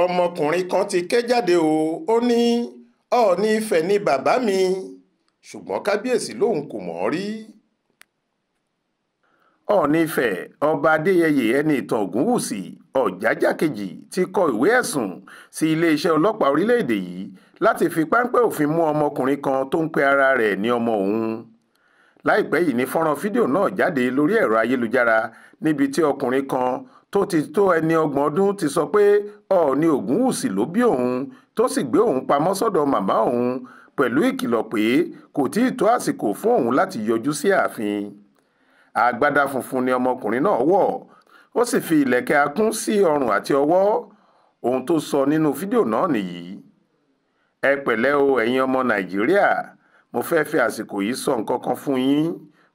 ọmọkùnrin kan ti ké jáde o ò ní ọ̀ọ́ni ìfẹ́ ni bàbá mi ṣùgbọ́n kábíyèsí lòun kò mọ̀ ọ́ rí ọ̀ọ́ni ìfẹ́ ọba adéyẹyè ẹni ìtàn ògúnwùsì ọ̀jájá kejì ti kọ ìwé ẹ̀sùn sí iléeṣẹ́ ọlọ́pàá orílẹ̀-èdè yìí láti fi páńpẹ́ òfin mú ọmọkùnrin kan tó ń pe ara rẹ̀ ní ọmọ òun láìpẹ́ yìí ni fọ́nrán fídíò náà jáde lórí ẹ̀rọ ayélujára níbi tí ọkùnrin kan tó ti tó ẹni ọgbọ̀n ọdún ti sọ pé ọ̀ọ́ni ògúnwùsì ló bí òun tó sì gbé òun pamọ́ sọ́dọ̀ màmá òun pẹ̀lú ìkìlọ̀ pé kò tí ì tó àsìkò fún òun láti yọjú sí ààfin àgbádá funfun ni ọmọkùnrin náà wọ̀ ó sì fi ìlẹ̀kẹ̀ akún sí ọrùn àti ọwọ́ ohun tó sọ nínú fídíò náà nìyí ẹ pẹ̀lẹ́ o ẹ̀yin ọmọ nàìjíríà mo fẹ́ fi àsìkò yìí sọ nǹkan kan fún yín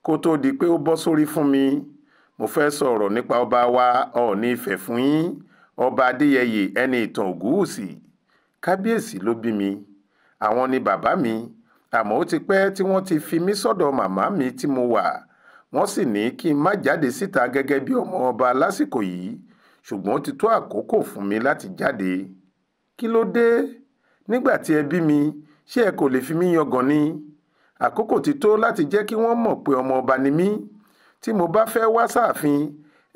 kó tóó di pé ó bọ́ sórí fún mi mo fẹ́ sọ̀rọ̀ nípa ọba wa ọọ̀ni ìfẹ́ fún yín ọba adéyẹyè ẹni ìtàn ògúwùsì kábíyèsí ló bí mi àwọn ni bàbá mi àmọ́ ó ti pẹ́ tí wọ́n ti fi mí sọ́dọ̀ màmá mi tí mo wà wọ́n sì ní kí n má jáde síta gẹ́gẹ́ bí ọmọ ọba lásìkò yìí ṣùgbọ́n ó ti tó àkókò fún mi láti jáde kí ló dé nígbà tí ẹ bí mi ṣé ẹ kò lè fi mí yangàn ni àkókò ti tó láti jẹ́ kí wọ́n mọ̀ pé ọmọ ọba ni mí tí mo bá fẹ́ wá sáàfin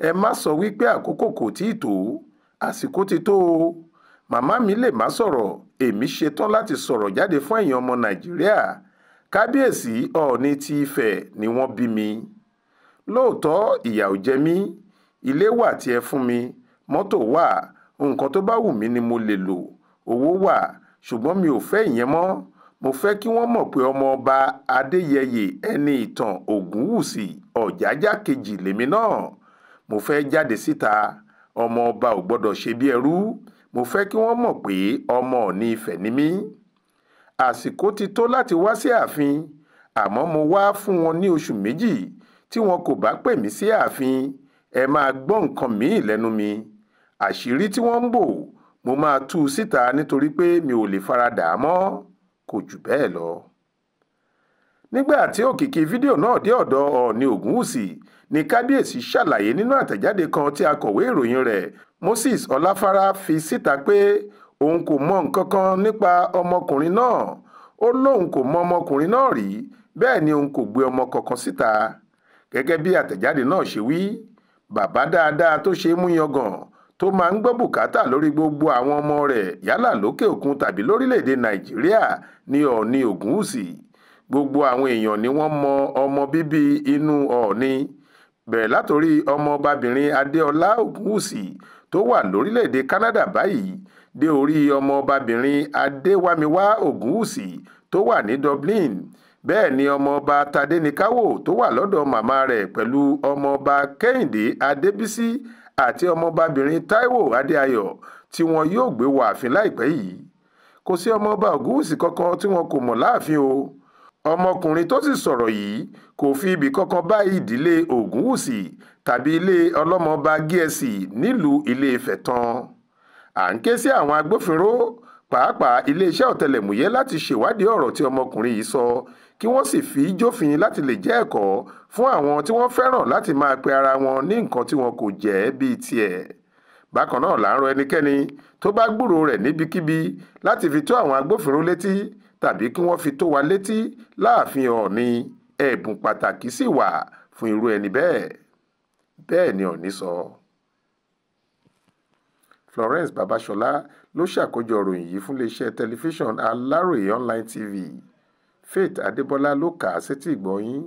ẹ má sọ wípé àkókò kò tíì tó àsìkò ti tó o màmá mi lè má sọ̀rọ̀ èmi ṣetán láti sọ̀rọ̀ jáde fún ẹ̀yin ọmọ nàìjíríà kábíyèsí ọọ̀ni ti ifẹ̀ ni wọ́n bí mi lóòótọ́ ìyà ò jẹ mí ilé wà tí ẹ fún mi mọ́tò wà nǹkan tó bá wù mí ni mo lè lò owó wà ṣùgbọ́n mi ò fẹ́ ìyẹn mọ́ mo fẹ́ kí wọ́n mọ̀ pé ọmọọba adéyẹyẹ ẹni ìtàn ògúnwúsì ọ̀jájá kejì lèmi náà mo fẹ́ jáde síta ọmọọba ò gbọ́dọ̀ ṣe bí ẹrú mo fẹ́ kí wọ́n mọ̀ pé ọmọ Ọọ̀ni Ifẹ̀ ni mí àsìkò ti tó láti wá sí ààfin àmọ́ mo wá fún wọn ní oṣù méjì tí wọn kò bá pè mí sí ààfin ẹ máa gbọ́ nǹkan míì lẹ́nu mi àṣírí tí wọ́n ń bò mo máa tú u síta nítorí pé mi ò lè faradà mọ́ kò jù bẹ́ẹ̀ lọ. nígbà tí òkìkí fídíò náà dé ọ̀dọ̀ ọ̀ọ̀ni ògúnwùsì ni kábíyèsí ṣàlàyé nínú àtẹ̀jáde kan tí akọ̀wé ìròyìn rẹ̀ moses ọláfárá fi síta pé òun kò mọ nǹkan kan nípa ọmọkùnrin náà ó lóun kò mọ ọmọkùnrin náà rí bẹ́ẹ̀ ni òun kò gbé ọmọ kankan síta gẹ́gẹ́ bí àtẹ̀jáde náà ṣe wí bàbá dáadáa tó ṣe é mú tó máa ń gbọ́ bùkátà lórí gbogbo àwọn ọmọ rẹ̀ yálà lókè òkun tàbí lórílẹ̀‐èdè nàìjíríà ní ọ̀ọ́ni ògúnwùsì gbogbo àwọn èèyàn ni wọ́n mọ ọmọ bíbí inú ọ̀ọ́ni bẹ̀rẹ̀ látòrí ọmọọbabìnrin adéọlá ògúnwùsì tó wà lórílẹ̀‐èdè canada báyìí dé orí ọmọọbabìnrin adéwámiwá ògúnwùsì tó wà ní dublin bẹ́ẹ̀ ni ọmọọba tadénikáwò tó wà lọ́dọ̀ màmá rẹ̀ pẹ̀lú ọmọọba kẹ́hìndé adébísí àti ọmọọbabìnrin Táíwò Adéayọ̀ tí wọn yóò gbé wọ ààfin láìpẹ́ yìí kò sí ọmọọba Ògúnwùsì kankan tí wọn kò mọ̀ láàfin o ọmọkùnrin tó sì sọ̀rọ̀ yìí kò fi ibì kankan bá ìdílé Ògúnwùsì tàbí ilé ọlọ́mọọba gíẹ̀sì nílùú Ilé-Ifẹ̀ tán à ń ké sí àwọn agbófinró pàápàá iléeṣẹ́ ọ̀tẹlẹ̀múyẹ́ láti ṣèwádìí ọ̀rọ̀ tí ọmọkùnrin yìí sọ kí wọ́n sì fi jófin láti lè jẹ́ ẹ̀kọ́ fún àwọn tí wọ́n fẹ́ràn láti máa pe ara wọn ní nǹkan tí wọn kò jẹ́ bíi tiẹ̀ bákan náà là ń rọ ẹnikẹ́ni tó bá gbúrò rẹ̀ níbikíbi láti fi tó àwọn agbófinró létí tàbí kí wọ́n fi tó wa létí láàfin Ọ̀ọ̀ni ẹ̀bùn pàtàkì sì wà fún irú ẹni bẹ́ẹ̀ bẹ́ẹ̀ ni Ọ̀ọ̀ni sọ. Florence Babasola ló ṣàkójọ ìròyìn yìí fún iléeṣẹ́ tẹlifíṣàn Aláròye online TV. Faith Adébọlá ló kà á sétíìgbọ́ yín.